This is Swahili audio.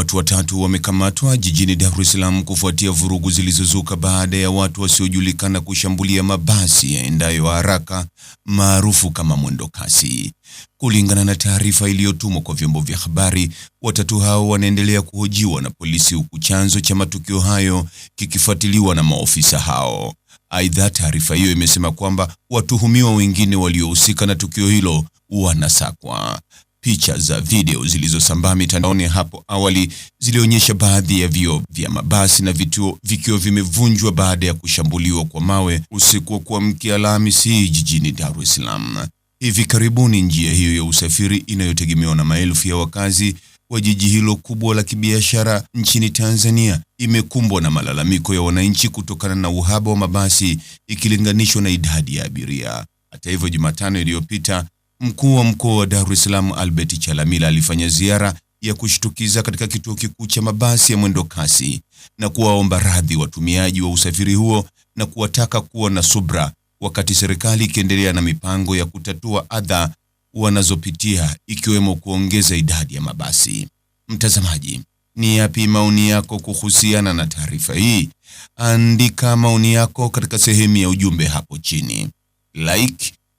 Watu watatu wamekamatwa jijini Dar es Salaam kufuatia vurugu zilizozuka baada ya watu wasiojulikana kushambulia mabasi yaendayo haraka maarufu kama mwendokasi. Kulingana na taarifa iliyotumwa kwa vyombo vya habari, watatu hao wanaendelea kuhojiwa na polisi huku chanzo cha matukio hayo kikifuatiliwa na maofisa hao. Aidha, taarifa hiyo imesema kwamba watuhumiwa wengine waliohusika na tukio hilo wanasakwa. Picha za video zilizosambaa mitandaoni hapo awali zilionyesha baadhi ya vioo vya mabasi na vituo vikiwa vimevunjwa baada ya kushambuliwa kwa mawe usiku wa kuamkia Alhamisi jijini Dar es Salaam. Hivi karibuni njia hiyo ya usafiri inayotegemewa na maelfu ya wakazi wa jiji hilo kubwa la kibiashara nchini Tanzania imekumbwa na malalamiko ya wananchi kutokana na uhaba wa mabasi ikilinganishwa na idadi ya abiria. Hata hivyo, Jumatano iliyopita Mkuu wa Mkoa wa Dar es Salaam Albert Chalamila alifanya ziara ya kushtukiza katika kituo kikuu cha mabasi ya mwendo kasi na kuwaomba radhi watumiaji wa usafiri huo na kuwataka kuwa na subra wakati serikali ikiendelea na mipango ya kutatua adha wanazopitia ikiwemo kuongeza idadi ya mabasi. Mtazamaji, ni yapi maoni yako kuhusiana na taarifa hii? Andika maoni yako katika sehemu ya ujumbe hapo chini. Like,